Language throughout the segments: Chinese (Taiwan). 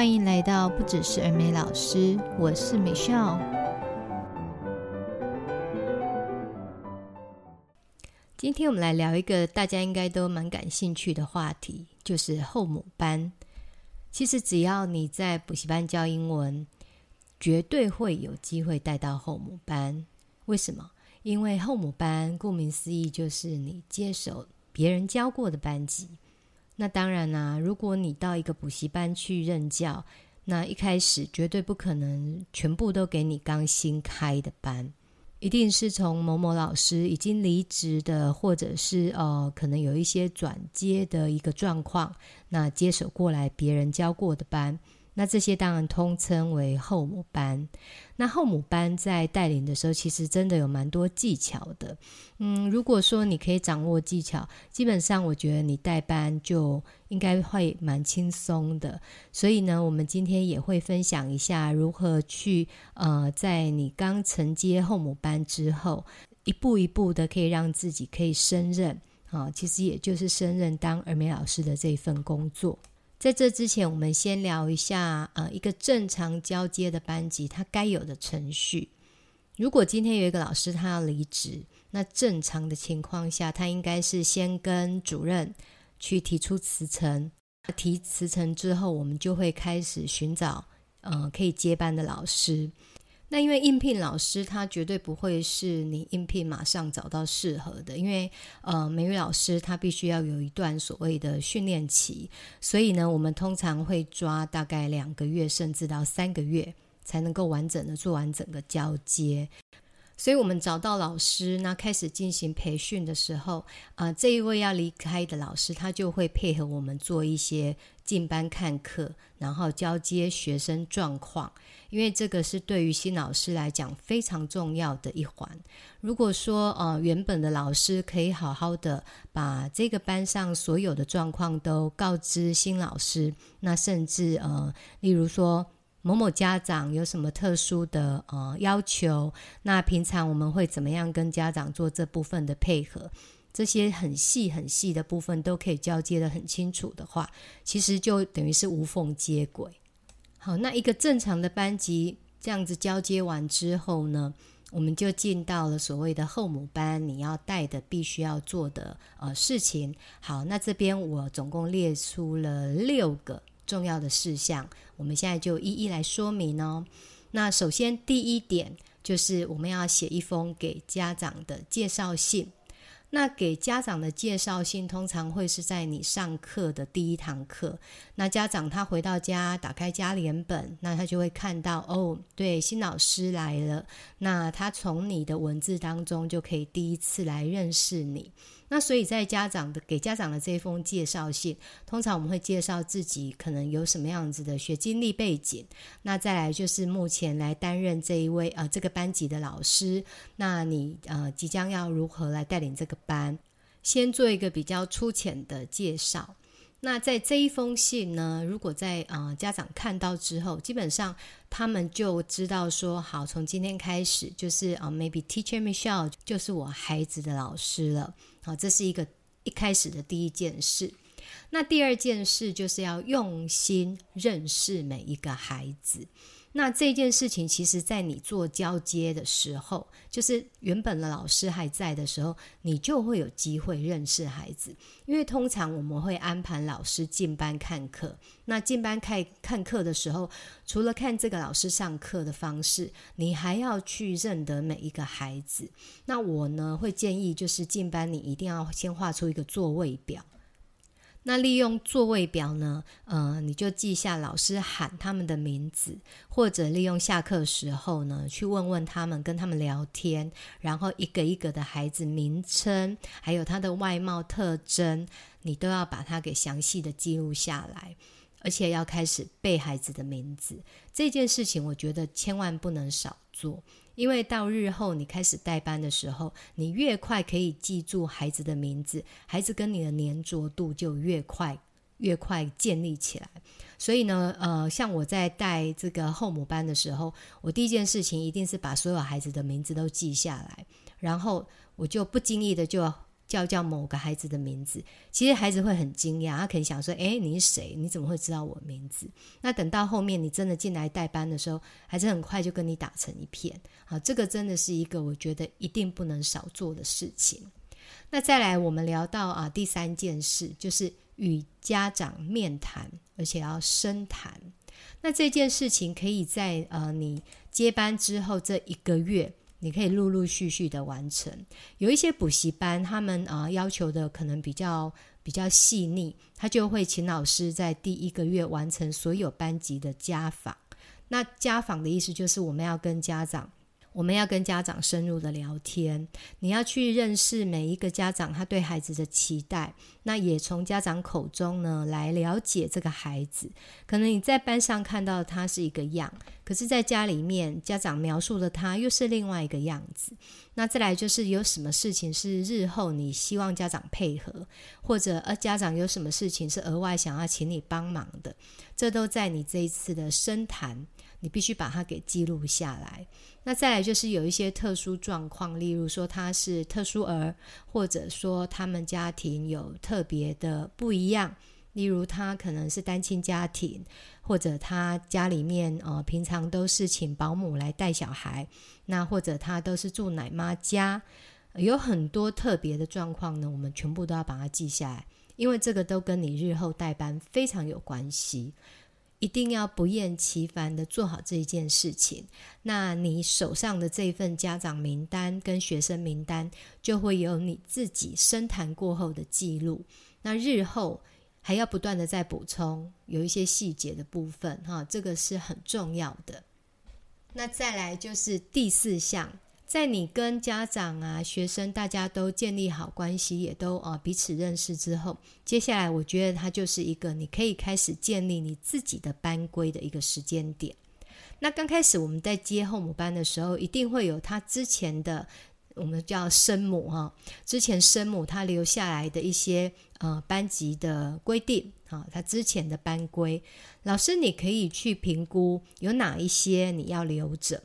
歡迎來到不只是兒美老師，我是 Michelle。今天我們來聊一個大家應該都蠻感興趣的話題，就是後母班。其實只要你在補習班教英文，絕對會有機會帶到後母班。為什麼？因為後母班顧名思義就是你接手別人教過的班級。那當然啦、啊，如果你到一個補習班去任教，那一開始絕對不可能全部都給你剛新開的班，一定是從某某老師已經離職的，或者是哦、呃，可能有一些轉接的一個狀況，那接手過來別人教過的班。那這些當然通稱為後母班。那後母班在帶領的時候，其實真的有蠻多技巧的。嗯，如果說你可以掌握技巧，基本上我覺得你帶班就應該會蠻輕鬆的。所以呢，我們今天也會分享一下如何去呃，在你剛承接後母班之後，一步一步的可以讓自己可以勝任。啊、哦，其實也就是勝任當兒美老師的這一份工作。在這之前，我們先聊一下，呃，一個正常交接的班級，它該有的程序。如果今天有一個老師他要離職，那正常的情況下，他應該是先跟主任去提出辭呈。提辭呈之後，我們就會開始尋找，呃，可以接班的老師。那因為應聘老師，他絕對不會是你應聘馬上找到適合的，因為呃，美語老師他必須要有一段所謂的訓練期，所以呢，我們通常會抓大概兩個月甚至到三個月才能夠完整的做完整個交接。所以我們找到老師，那開始進行培訓的時候，啊、呃，這一位要離開的老師，他就會配合我們做一些進班看課，然後交接學生狀況。因為這個是對於新老師來講非常重要的一環。如果說，呃，原本的老師可以好好的把這個班上所有的狀況都告知新老師，那甚至呃，例如說某某家長有什麼特殊的呃要求，那平常我們會怎麼樣跟家長做這部分的配合。這些很細很細的部分都可以交接得很清楚的話，其實就等於是無縫接軌。好，那一個正常的班級這樣子交接完之後呢，我們就進到了所謂的後母班，你要帶的必須要做的呃事情。好，那這邊我總共列出了六個重要的事項，我們現在就一一來說明哦。那首先第一點就是我們要寫一封給家長的介紹信。那給家長的介紹信通常會是在你上課的第一堂課。那家長他回到家打開家聯本，那他就會看到哦，對，新老師來了。那他從你的文字當中就可以第一次來認識你。那所以，在家長的給家長的這一封介紹信，通常我們會介紹自己，可能有什麼樣子的學經歷背景。那再來就是目前來擔任這一位呃這個班級的老師，那你呃即將要如何來帶領這個班？先做一個比較粗淺的介紹。那在這一封信呢，如果在啊、呃、家長看到之後，基本上他們就知道說，好，從今天開始就是啊、呃，maybe teacher Michelle 就是我孩子的老師了。好、哦，這是一個一開始的第一件事。那第二件事就是要用心認識每一個孩子。那這件事情，其實在你做交接的時候，就是原本的老師還在的時候，你就會有機會認識孩子。因為通常我們會安排老師進班看課，那進班看看課的時候，除了看這個老師上課的方式，你還要去認得每一個孩子。那我呢，會建議就是進班，你一定要先畫出一個座位表。那利用座位表呢，呃，你就記下老師喊他們的名字，或者利用下課時候呢，去問問他們，跟他們聊天，然後一個一個的孩子名稱，還有他的外貌特徵，你都要把它給詳細的記錄下來，而且要開始背孩子的名字這件事情，我覺得千萬不能少做。因為到日後你開始帶班的時候，你越快可以記住孩子的名字，孩子跟你的粘着度就越快，越快建立起來。所以呢，呃，像我在帶這個後母班的時候，我第一件事情一定是把所有孩子的名字都記下來，然後我就不經意的就叫叫某個孩子的名字，其實孩子會很驚訝，他肯定想說：“誒，你是誰？你怎麼會知道我名字？”那等到後面你真的進來代班的時候，孩子很快就跟你打成一片。好，這個真的是一個我覺得一定不能少做的事情。那再來，我們聊到啊，第三件事就是與家長面談，而且要深談。那這件事情可以在呃你接班之後這一個月。你可以陸陸續續的完成。有一些補習班，他們啊，呃，要求的可能比較比較細膩，他就會請老師在第一個月完成所有班級的家訪。那家訪的意思就是我們要跟家長。我們要跟家長深入的聊天，你要去認識每一個家長，他對孩子的期待，那也從家長口中呢，來了解這個孩子。可能你在班上看到他是一個樣，可是在家裡面家長描述的他又是另外一個樣子。那再來就是有什麼事情是日後你希望家長配合，或者呃家長有什麼事情是額外想要請你幫忙的，這都在你這一次的深談。你必須把它給記錄下來。那再來就是有一些特殊狀況，例如說他是特殊兒，或者說他們家庭有特別的不一樣，例如他可能是單親家庭，或者他家裡面呃平常都是請保姆來帶小孩，那或者他都是住奶媽家，有很多特別的狀況呢，我們全部都要把它記下來，因為這個都跟你日後帶班非常有關係。一定要不厭其煩的做好這一件事情，那你手上的這份家長名單跟學生名單就會有你自己深談過後的記錄，那日後還要不斷的再補充，有一些細節的部分哈，這個是很重要的。那再來就是第四項。在你跟家長啊、學生大家都建立好關係，也都啊彼此認識之後，接下來我覺得它就是一個你可以開始建立你自己的班規的一個時間點。那剛開始我們在接後母班的時候，一定會有他之前的我們叫生母哈，之前生母他留下來的一些呃班級的規定啊，他之前的班規，老師你可以去評估有哪一些你要留着，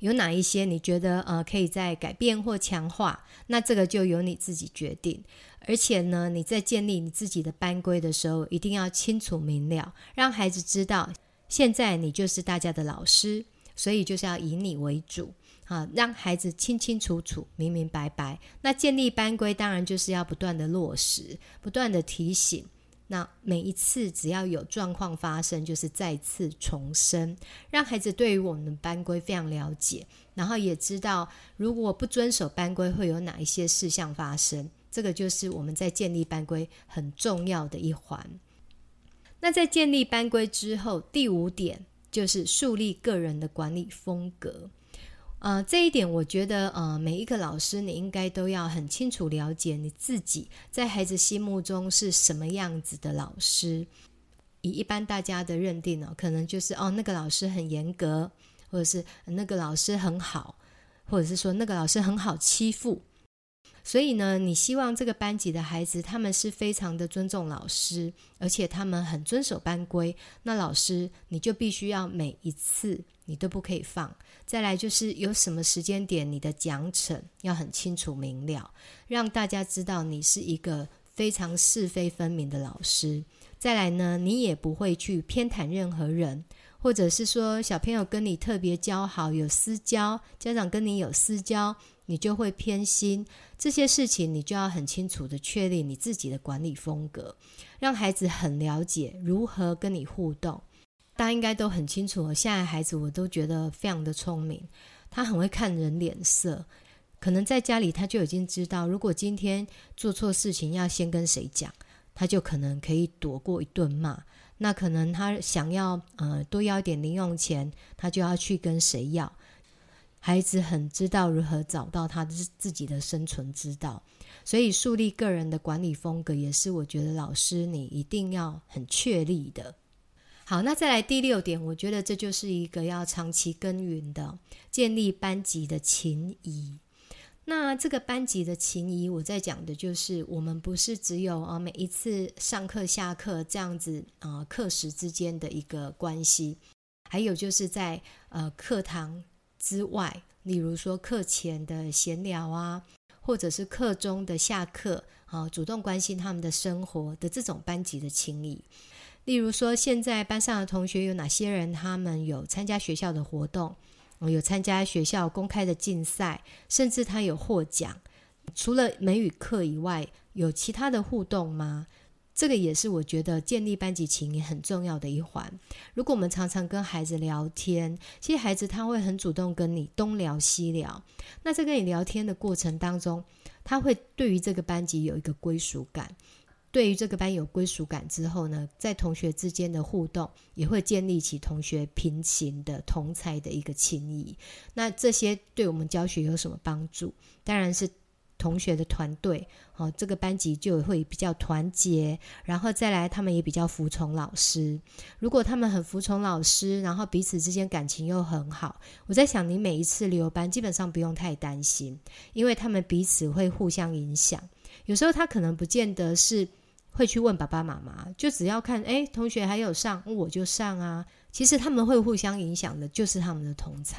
有哪一些你覺得呃可以再改變或強化？那這個就由你自己決定。而且呢，你在建立你自己的班規的時候，一定要清楚明了，讓孩子知道，現在你就是大家的老師，所以就是要以你為主啊，讓孩子清清楚楚、明明白白。那建立班規當然就是要不斷地落實，不斷地提醒。那每一次只要有狀況發生，就是再次重申，讓孩子對於我們的班規非常了解，然後也知道如果不遵守班規會有哪一些事項發生，這個就是我們在建立班規很重要的一環。那在建立班規之後，第五點就是樹立個人的管理風格。呃，這一點我覺得，呃，每一個老師你應該都要很清楚了解你自己在孩子心目中是什麼樣子的老師。以一般大家的認定呢，可能就是哦，那個老師很嚴格，或者是那個老師很好，或者是說那個老師很好欺負。所以呢，你希望這個班級的孩子他們是非常的尊重老師，而且他們很遵守班規。那老師你就必須要每一次你都不可以放。再來就是有什麼時間點，你的獎懲要很清楚明了，讓大家知道你是一個非常是非分明的老師。再來呢，你也不會去偏袒任何人，或者是說小朋友跟你特別交好有私交，家長跟你有私交，你就會偏心。這些事情你就要很清楚的確立你自己的管理風格，讓孩子很了解如何跟你互動。大家應該都很清楚，我現在孩子我都覺得非常的聰明，他很會看人臉色。可能在家裡他就已經知道，如果今天做錯事情要先跟誰講，他就可能可以躲過一頓罵。那可能他想要呃多要一點零用錢，他就要去跟誰要。孩子很知道如何找到他自自己的生存之道，所以樹立個人的管理風格也是我覺得老師你一定要很確立的。好，那再來第六點，我覺得這就是一個要長期耕耘的，建立班級的情誼。那這個班級的情誼，我在講的就是我們不是只有啊每一次上課下課這樣子啊課時之間的一個關係，還有就是在呃課堂。之外，例如說課前的閒聊啊，或者是課中的下課啊，主動關心他們的生活的這種班級的情誼。例如說，現在班上的同學有哪些人，他們有參加學校的活動，有參加學校公開的競賽，甚至他有獲獎。除了美語課以外，有其他的互動嗎？這個也是我覺得建立班級情誼很重要的一環。如果我們常常跟孩子聊天，其實孩子他會很主動跟你東聊西聊。那在跟你聊天的過程當中，他會對於這個班級有一個歸屬感。對於這個班有歸屬感之後呢，在同學之間的互動也會建立起同學平行的同才的一個情誼。那這些對我們教學有什麼幫助？當然是。同學的團隊，哦，這個班級就會比較團結，然後再來他們也比較服從老師。如果他們很服從老師，然後彼此之間感情又很好，我在想你每一次留班基本上不用太擔心，因為他們彼此會互相影響。有時候他可能不見得是。會去問爸爸媽媽，就只要看，哎，同學還有上，我就上啊。其實他們會互相影響的，就是他們的同儕。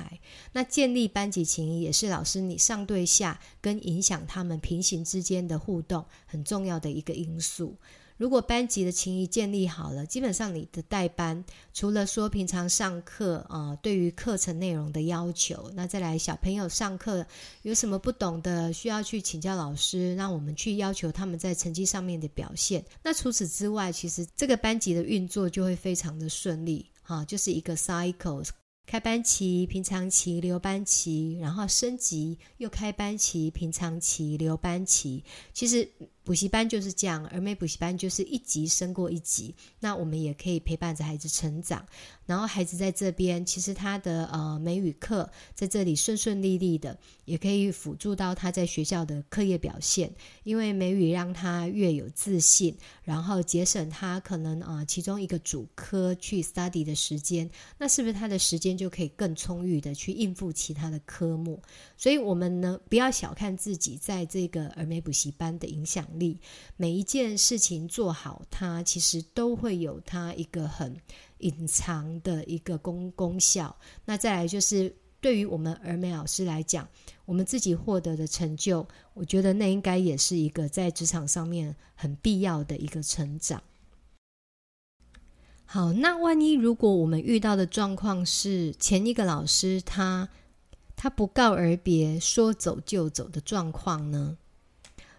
那建立班級情誼也是老師你上對下跟影響他們平行之間的互動很重要的一個因素。如果班級的情誼建立好了，基本上你的帶班除了說平常上課啊、呃，對於課程內容的要求，那再來小朋友上課有什麼不懂的，需要去請教老師，讓我們去要求他們在成績上面的表現。那除此之外，其實這個班級的運作就會非常的順利，哈、啊，就是一個 cycles。開班期、平常期、留班期，然後升級又開班期、平常期、留班期。其實補習班就是這樣，兒美補習班就是一級升過一級。那我們也可以陪伴着孩子成長，然後孩子在這邊，其實他的呃美語課在這裡順順利利的，也可以輔助到他在學校的課業表現，因為美語讓他越有自信。然後節省他可能啊、呃、其中一個主科去 study 的時間，那是不是他的時間就可以更充裕的去應付其他的科目？所以我們呢，不要小看自己在這個兒美補習班的影響力，每一件事情做好，它其實都會有它一個很隱藏的一個功功效。那再來就是。對於我們兒美老師來講，我們自己獲得的成就，我覺得那應該也是一個在職場上面很必要的一個成長。好，那萬一如果我們遇到的狀況是前一個老師他他不告而別，說走就走的狀況呢？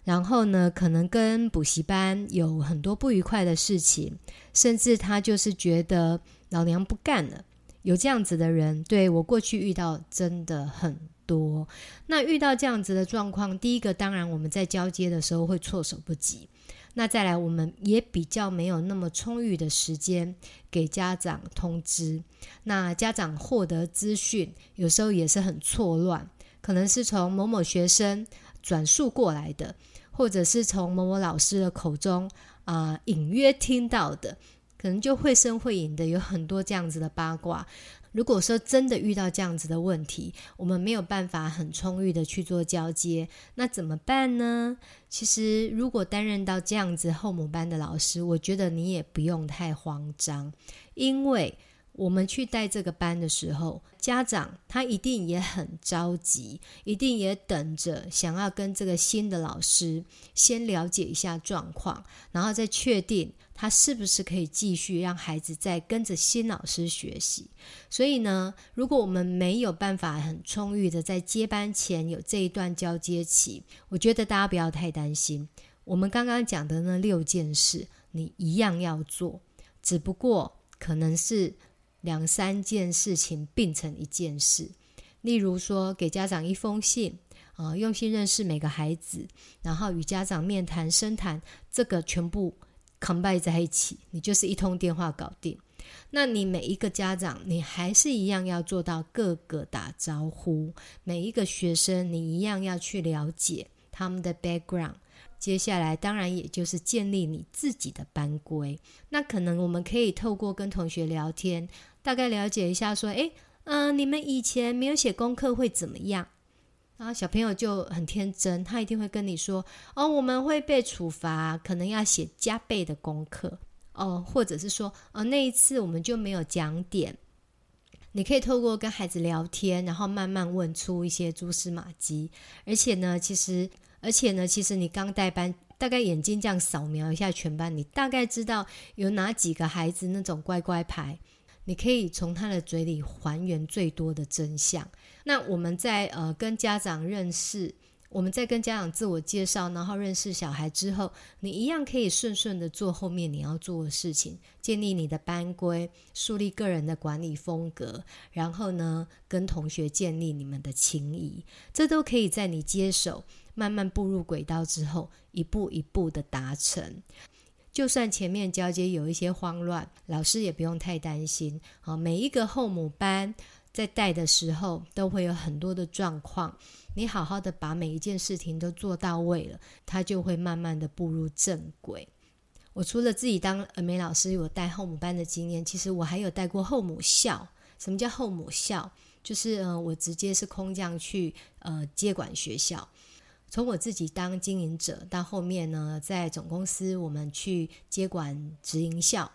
然後呢，可能跟補習班有很多不愉快的事情，甚至他就是覺得老娘不幹了。有這樣子的人，對，我過去遇到真的很多。那遇到這樣子的狀況，第一個當然我們在交接的時候會措手不及。那再來，我們也比較沒有那麼充裕的時間給家長通知。那家長獲得資訊，有時候也是很錯亂，可能是從某某學生轉述過來的，或者是從某某老師的口中啊、呃、隱約聽到的。可能就繪聲繪影的有很多這樣子的八卦。如果說真的遇到這樣子的問題，我們沒有辦法很充裕地去做交接，那怎麼辦呢？其實，如果擔任到這樣子後母班的老師，我覺得你也不用太慌張，因為我們去帶這個班的時候，家長他一定也很着急，一定也等着想要跟這個新的老師先了解一下狀況，然後再確定。他是不是可以繼續讓孩子再跟着新老師學習？所以呢，如果我們沒有辦法很充裕地在接班前有這一段交接期，我覺得大家不要太擔心。我們剛剛講的那六件事，你一樣要做，只不過可能是兩三件事情並成一件事。例如說，給家長一封信，啊、呃，用心認識每個孩子，然後與家長面談、深談，這個全部。combine 在一起，你就是一通電話搞定。那你每一個家長，你還是一樣要做到各個，個打招呼；每一個學生，你一樣要去了解他們的 background。接下來，當然也就是建立你自己的班規。那可能我們可以透過跟同學聊天，大概了解一下，說：“誒，嗯、呃，你們以前沒有寫功課會怎麼樣？”啊，小朋友就很天真，他一定會跟你說：“哦，我們會被處罰，可能要寫加倍的功課哦，或者是說，哦，那一次我們就沒有講點。”你可以透過跟孩子聊天，然後慢慢問出一些蛛絲馬跡。而且呢，其實，而且呢，其實你剛帶班，大概眼睛這樣掃描一下全班，你大概知道有哪幾個孩子那種乖乖牌，你可以從他的嘴裡還原最多的真相。那我們在呃跟家長認識，我們在跟家長自我介紹，然後認識小孩之後，你一樣可以順順地做後面你要做的事情，建立你的班規，樹立個人的管理風格，然後呢跟同學建立你們的情誼，這都可以在你接手慢慢步入軌道之後，一步一步地達成。就算前面交接有一些慌亂，老師也不用太擔心。啊，每一個後母班。在帶的時候都會有很多的狀況，你好好的把每一件事情都做到位了，他就會慢慢的步入正軌。我除了自己當兒美老師有帶後母班的經驗，其實我還有帶過後母校。什麼叫後母校？就是呃，我直接是空降去呃接管學校。從我自己當經營者到後面呢，在總公司我們去接管直營校，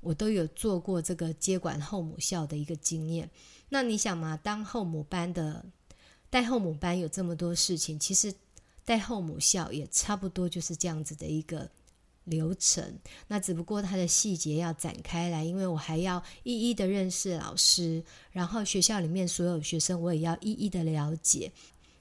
我都有做過這個接管後母校的一個經驗。那你想嘛，當後母班的，帶後母班有這麼多事情,其實帶後母校也差不多就是這樣子的一個流程。那只不過它的細節要展開來，因為我還要一一的認識老師，然後學校裡面所有學生我也要一一的了解。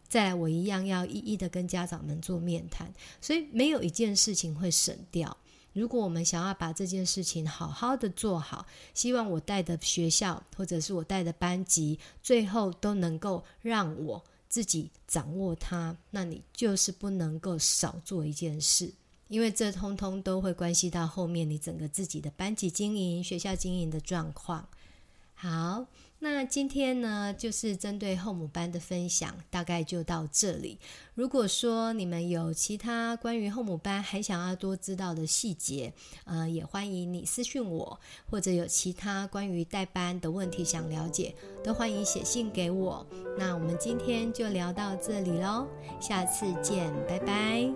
再來，我一樣要一一的跟家長們做面談，所以沒有一件事情會省掉。如果我們想要把這件事情好好的做好，希望我帶的學校或者是我帶的班級，最後都能夠讓我自己掌握它，那你就是不能夠少做一件事，因為這通通都會關係到後面你整個自己的班級經營、學校經營的狀況。好，那今天呢，就是針對後母班的分享，大概就到這裡。如果說你們有其他關於後母班還想要多知道的細節，呃，也歡迎你私訊我，或者有其他關於帶班的問題想了解，都歡迎寫信給我。那我們今天就聊到這裡嘍，下次見，拜拜。